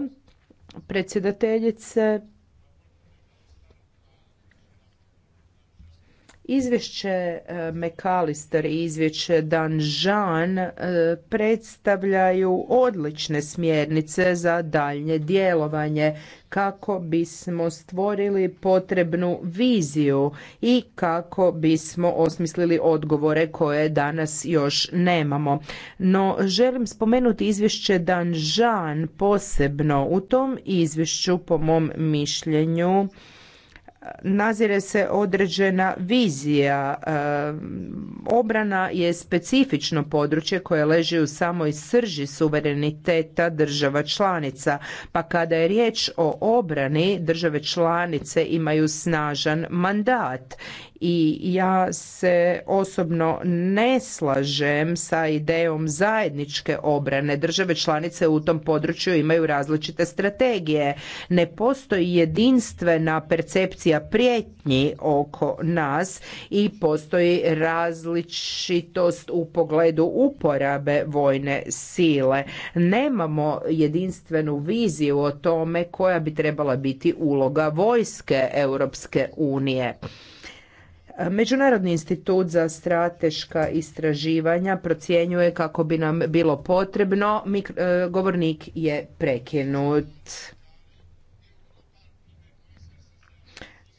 predsjedateljice Izvješće e, McAllister i izvješće Danžan e, predstavljaju odlične smjernice za daljnje djelovanje kako bismo stvorili potrebnu viziju i kako bismo osmislili odgovore koje danas još nemamo. No želim spomenuti izvješće Danžan posebno. U tom izvješću po mom mišljenju nazire se određena vizija. E, obrana je specifično područje koje leži u samoj srži suvereniteta država članica, pa kada je riječ o obrani, države članice imaju snažan mandat i ja se osobno ne slažem sa idejom zajedničke obrane. Države članice u tom području imaju različite strategije. Ne postoji jedinstvena percepcija prijetnji oko nas i postoji različitost u pogledu uporabe vojne sile. Nemamo jedinstvenu viziju o tome koja bi trebala biti uloga vojske Europske unije. Međunarodni institut za strateška istraživanja procjenjuje kako bi nam bilo potrebno, e, govornik je prekinut.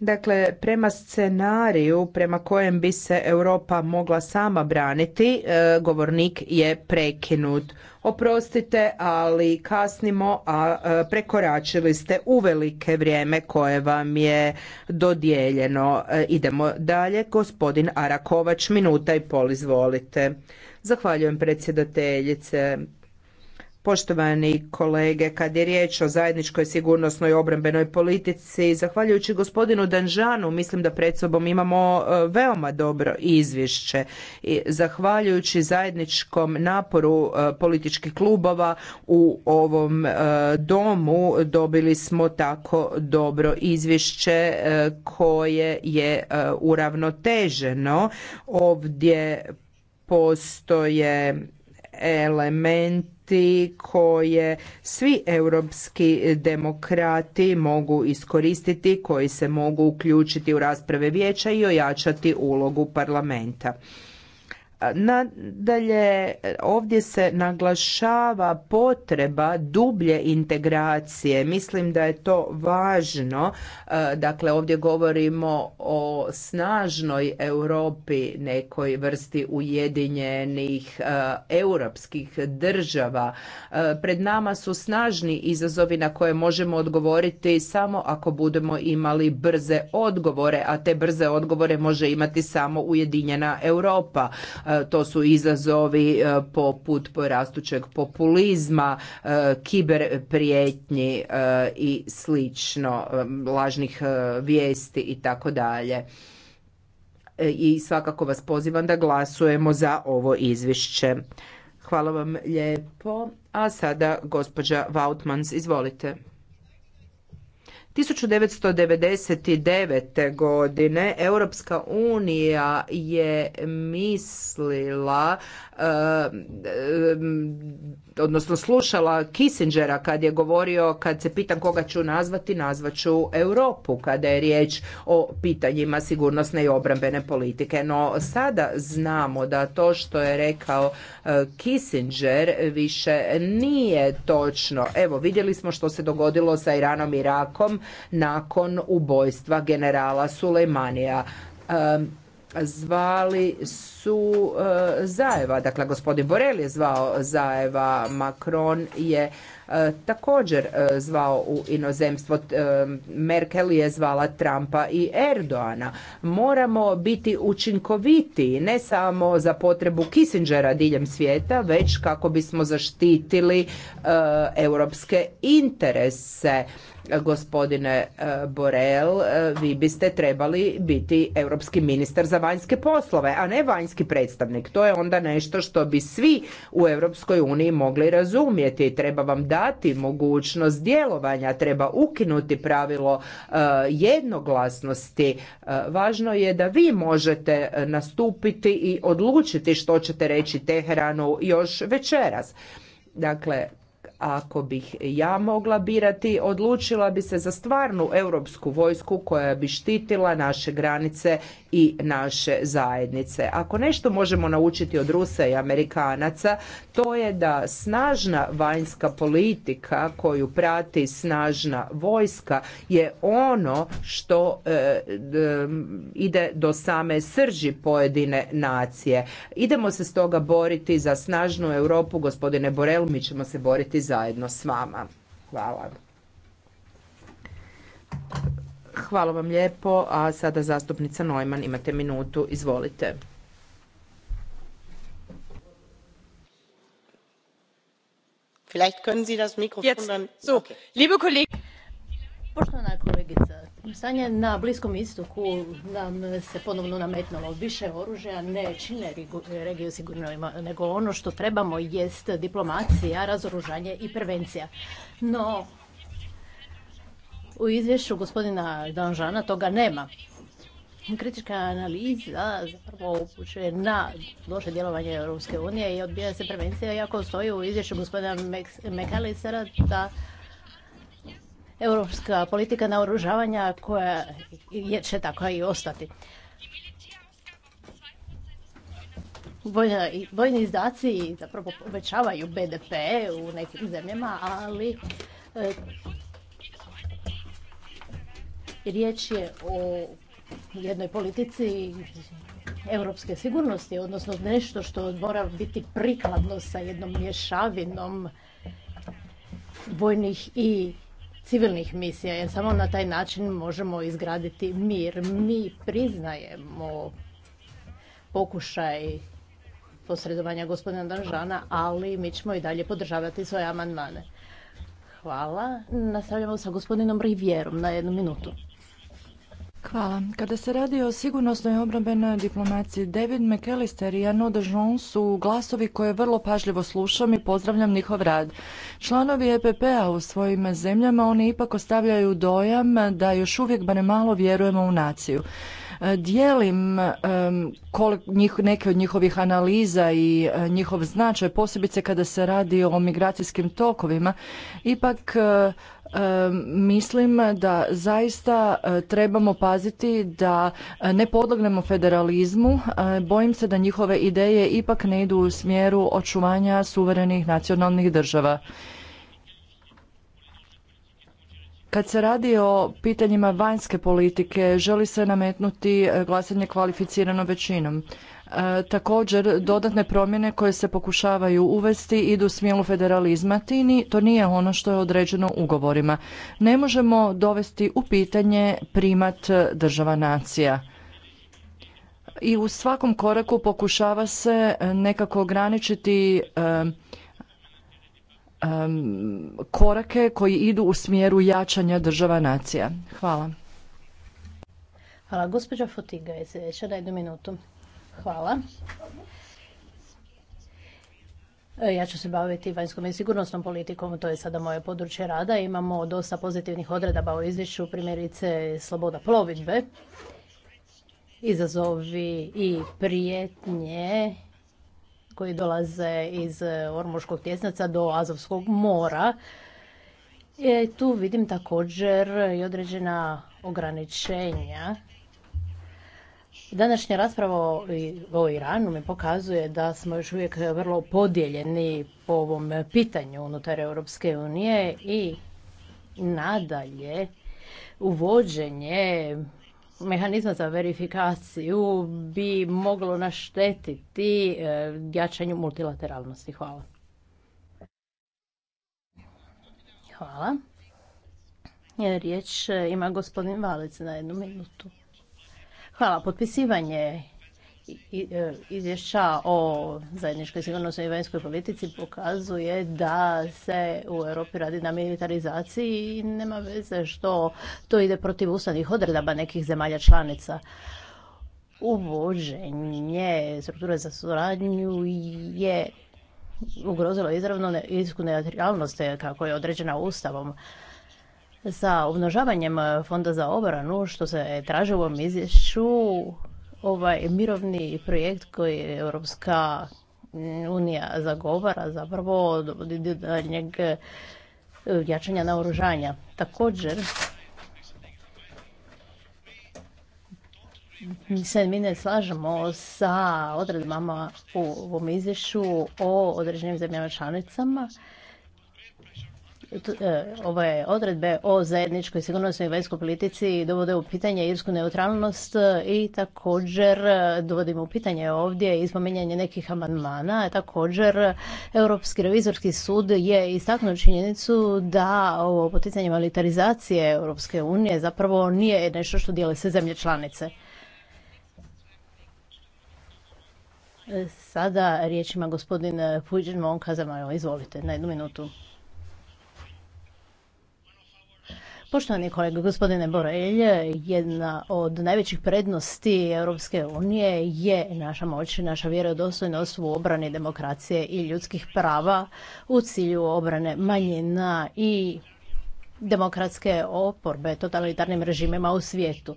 Dakle, prema scenariju prema kojem bi se Europa mogla sama braniti, e, govornik je prekinut. Oprostite, ali kasnimo, a e, prekoračili ste uvelike vrijeme koje vam je dodijeljeno. E, idemo dalje, gospodin Arakovač, minuta i pol, izvolite. Zahvaljujem predsjedateljice. Poštovani kolege, kad je riječ o zajedničkoj sigurnosnoj obrambenoj politici, zahvaljujući gospodinu Danžanu, mislim da pred sobom imamo e, veoma dobro izvješće. I zahvaljujući zajedničkom naporu e, političkih klubova u ovom e, domu dobili smo tako dobro izvješće koje je uravnoteženo. Ovdje postoje element koje svi europski demokrati mogu iskoristiti, koji se mogu uključiti u rasprave vijeća i ojačati ulogu parlamenta. Nadalje, ovdje se naglašava potreba dublje integracije. Mislim da je to važno. E, dakle, ovdje govorimo o snažnoj Europi, nekoj vrsti ujedinjenih e, europskih država. E, pred nama su snažni izazovi na koje možemo odgovoriti samo ako budemo imali brze odgovore, a te brze odgovore može imati samo ujedinjena Europa E, to su izazovi e, poput porastućeg populizma, e, kiber prijetnji i slično, lažnih vijesti i tako dalje i svakako vas pozivam da glasujemo za ovo izvješće. Hvala vam lijepo. A sada gospođa Vautmans, izvolite. 1999. godine Europska unija je mislila eh, odnosno slušala Kissingera kad je govorio kad se pitam koga ću nazvati, nazvaću Europu kada je riječ o pitanjima sigurnosne i obrambene politike. No sada znamo da to što je rekao eh, Kissinger više nije točno. Evo vidjeli smo što se dogodilo sa Iranom i Irakom nakon ubojstva generala Sulejmanija. Zvali su su e, Zajeva. Dakle, gospodin Borel je zvao Zajeva, Macron je e, također e, zvao u inozemstvo. Merkel je zvala Trumpa i Erdoana. Moramo biti učinkoviti ne samo za potrebu Kissingera diljem svijeta, već kako bismo zaštitili europske interese gospodine Borel, vi biste trebali biti europski ministar za vanjske poslove, a ne vanjski predstavnik. To je onda nešto što bi svi u Europskoj uniji mogli razumjeti. Treba vam dati mogućnost djelovanja, treba ukinuti pravilo e, jednoglasnosti. E, važno je da vi možete nastupiti i odlučiti što ćete reći Teheranu još večeras. Dakle, ako bih ja mogla birati, odlučila bi se za stvarnu europsku vojsku koja bi štitila naše granice i naše zajednice. Ako nešto možemo naučiti od Rusa i Amerikanaca, to je da snažna vanjska politika koju prati snažna vojska je ono što e, ide do same srži pojedine nacije. Idemo se stoga boriti za snažnu Europu, gospodine Borel, mi ćemo se boriti zajedno s vama. Hvala. Hvala vam lijepo, a sada zastupnica Neumann, imate minutu, izvolite. Vielleicht können Sie das Mikrofon dann... So, liebe Kollegin... Poštovana kolegica, Stanje na Bliskom istoku nam se ponovno nametnulo više oružja, ne čine regiju ima, nego ono što trebamo jest diplomacija, razoružanje i prevencija. No, u izvješću gospodina Danžana toga nema. Kritička analiza zapravo upućuje na loše djelovanje Europske unije i odbija se prevencija, iako stoji u izvješću gospodina McAllistera da europska politika naoružavanja koja će tako i ostati. Vojni, izdaci zapravo povećavaju BDP u nekim zemljama, ali e, riječ je o jednoj politici europske sigurnosti, odnosno nešto što mora biti prikladno sa jednom mješavinom vojnih i civilnih misija, jer samo na taj način možemo izgraditi mir. Mi priznajemo pokušaj posredovanja gospodina Danžana, ali mi ćemo i dalje podržavati svoje amandmane. Hvala. Nastavljamo sa gospodinom Rivjerom na jednu minutu. Hvala. Kada se radi o sigurnosnoj obrambenoj diplomaciji, David McAllister i Arnaud de Jean su glasovi koje vrlo pažljivo slušam i pozdravljam njihov rad. Članovi EPP-a u svojim zemljama oni ipak ostavljaju dojam da još uvijek barem malo vjerujemo u naciju. E, dijelim neke od njihovih analiza i e, njihov značaj, posebice kada se radi o migracijskim tokovima. Ipak e, mislim da zaista trebamo paziti da ne podlognemo federalizmu. Bojim se da njihove ideje ipak ne idu u smjeru očuvanja suverenih nacionalnih država. Kad se radi o pitanjima vanjske politike, želi se nametnuti e, glasanje kvalificiranom većinom. E, također, dodatne promjene koje se pokušavaju uvesti idu u smjelu federalizma. Tini, to nije ono što je određeno ugovorima. Ne možemo dovesti u pitanje primat država nacija i u svakom koraku pokušava se nekako ograničiti e, korake koji idu u smjeru jačanja država nacija. Hvala. Hvala. Gospođa Fotiga je sljedeća. Da jednu minutu. Hvala. E, ja ću se baviti vanjskom i sigurnosnom politikom, to je sada moje područje rada. Imamo dosta pozitivnih odredaba o izvješću, primjerice sloboda plovidbe, izazovi i prijetnje koji dolaze iz e, Ormoškog tjesnaca do Azovskog mora. E, tu vidim također i određena ograničenja. Današnja rasprava o Iranu mi pokazuje da smo još uvijek vrlo podijeljeni po ovom pitanju unutar Europske unije i nadalje uvođenje mehanizma za verifikaciju bi moglo naštetiti e, jačanju multilateralnosti. Hvala. Hvala. E, riječ ima gospodin Valec na jednu minutu. Hvala. Potpisivanje E, izvješća o zajedničkoj sigurnosnoj i vanjskoj politici pokazuje da se u Europi radi na militarizaciji i nema veze što to ide protiv ustavnih odredaba nekih zemalja članica. Uvođenje strukture za suradnju je ugrozilo izravno izvijesku neutralnost e, kako je određena ustavom. Sa obnožavanjem fonda za obranu, što se traži u ovom izvješću, ovaj mirovni projekt koji je Europska unija zagovara zapravo dovodi do daljnjeg e, jačanja naoružanja. Također, se mi ne slažemo sa odredbama u ovom izvješću o određenim zemljama članicama E, ove odredbe o zajedničkoj sigurnosnoj i vanjskoj politici dovode u pitanje irsku neutralnost i također e, dovodimo u pitanje ovdje i spominjanje nekih amandmana. Također, Europski revizorski sud je istaknuo činjenicu da ovo poticanje militarizacije Europske unije zapravo nije nešto što dijele sve zemlje članice. E, sada riječ ima gospodin Puđen Monka Izvolite, na jednu minutu. Poštovani kolega, gospodine Borelj, jedna od najvećih prednosti Europske unije je naša moć, naša vjerodostojnost u obrani demokracije i ljudskih prava u cilju obrane manjina i demokratske oporbe totalitarnim režimima u svijetu.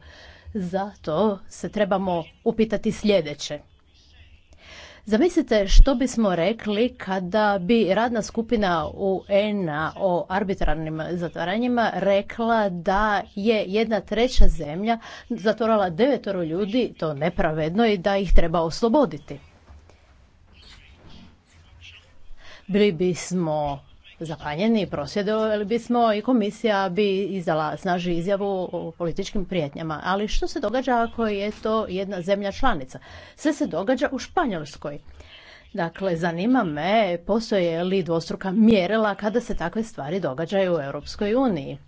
Zato se trebamo upitati sljedeće. Zamislite što bismo rekli kada bi radna skupina UN-a o arbitrarnim zatvaranjima rekla da je jedna treća zemlja zatvorala devetoro ljudi, to nepravedno i da ih treba osloboditi. Bili bismo Zapanjeni i prosvjedovali bismo i komisija bi izdala snaži izjavu o političkim prijetnjama. Ali što se događa ako je to jedna zemlja članica? Sve se događa u Španjolskoj. Dakle, zanima me postoje li dvostruka mjerila kada se takve stvari događaju u Europskoj uniji.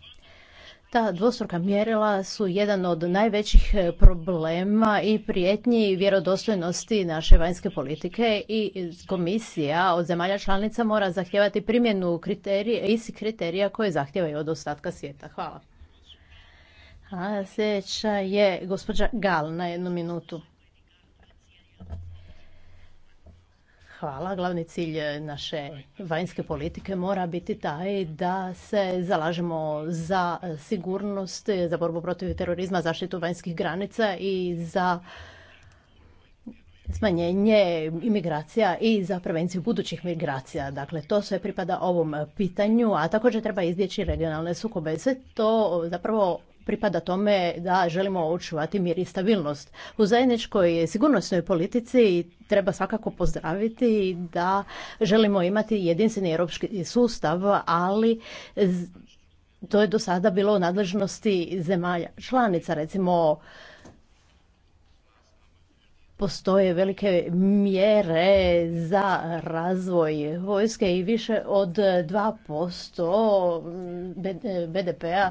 Ta dvostruka mjerila su jedan od najvećih e, problema i prijetnji vjerodostojnosti naše vanjske politike i komisija od zemalja članica mora zahtijevati primjenu kriterija, istih kriterija koje zahtijevaju od ostatka svijeta. Hvala. sljedeća je gospođa Gal na jednu minutu. Hvala. Glavni cilj e, naše vanjske politike mora biti taj da se zalažemo za sigurnost, za borbu protiv terorizma, zaštitu vanjskih granica i za smanjenje imigracija i za prevenciju budućih migracija. Dakle, to sve pripada ovom pitanju, a također treba izbjeći regionalne sukobe. Sve to zapravo pripada tome da želimo očuvati mir i stabilnost. U zajedničkoj sigurnosnoj politici treba svakako pozdraviti da želimo imati jedinstveni europski sustav, ali to je do sada bilo u nadležnosti zemalja članica, recimo postoje velike mjere za razvoj vojske i više od 2% BDP-a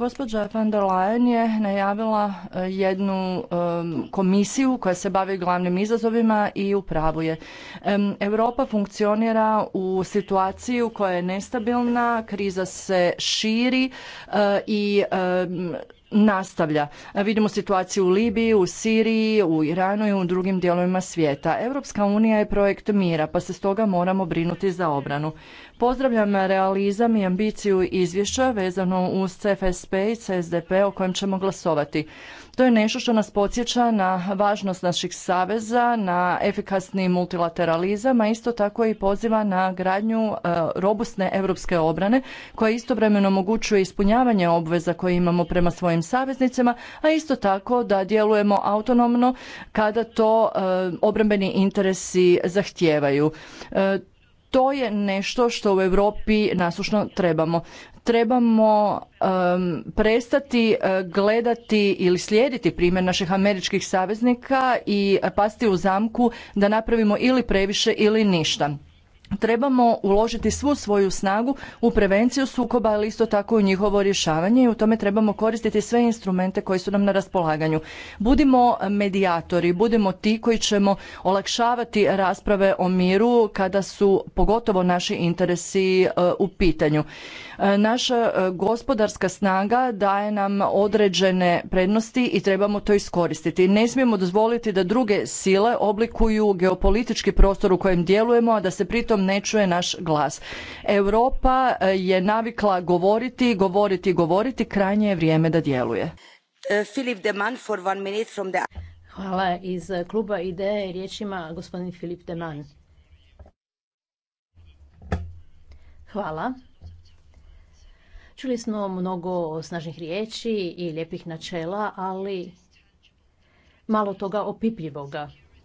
Gospođa van der Leyen je najavila e, jednu e, komisiju koja se bavi glavnim izazovima i u pravu Europa funkcionira u situaciji koja je nestabilna, kriza se širi e, i nastavlja. E, vidimo situaciju u Libiji, u Siriji, u Iranu i u drugim dijelovima svijeta. Europska unija je projekt mira, pa se stoga moramo brinuti za obranu. Pozdravljam realizam i ambiciju izvješća vezano uz CFSP i CSDP o kojem ćemo glasovati. To je nešto što nas podsjeća na važnost naših saveza, na efikasni multilateralizam, a isto tako i poziva na gradnju e, robustne europske obrane koja istovremeno omogućuje ispunjavanje obveza koje imamo prema svojim saveznicama, a isto tako da djelujemo autonomno kada to e, obrambeni interesi zahtijevaju e, to je nešto što u Europi nasušno trebamo trebamo prestati eh, gledati ili slijediti primjer naših američkih saveznika i pasti u zamku da napravimo ili previše ili ništa trebamo uložiti svu svoju snagu u prevenciju sukoba, ali isto tako i u njihovo rješavanje i u tome trebamo koristiti sve instrumente koji su nam na raspolaganju. Budimo medijatori, budimo ti koji ćemo olakšavati rasprave o miru kada su pogotovo naši interesi eh, u pitanju. E, naša e, gospodarska snaga daje nam određene prednosti i trebamo to iskoristiti. Ne smijemo dozvoliti da druge sile oblikuju geopolitički prostor u kojem djelujemo, a da se pritom ne čuje naš glas. Europa e, je navikla govoriti, govoriti, govoriti, krajnje je vrijeme da djeluje. Hvala. Iz kluba IDE riječima gospodin Filip Deman. Hvala. Čuli smo mnogo snažnih riječi i lijepih načela, ali malo toga opipljivoga.